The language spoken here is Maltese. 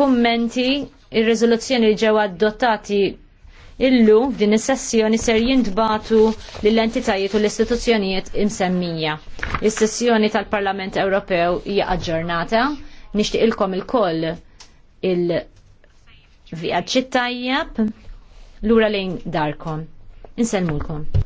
kummenti il riżoluzzjoni li ġew adottati illum f'din is-sessjoni ser jintbatu lill-entitajiet u l-istituzzjonijiet imsemmija. Is-sessjoni tal-Parlament Ewropew hija aġġornata. ilkom ilkoll il-vjaġġ tajjeb lura lejn darkom. Insellmulkom.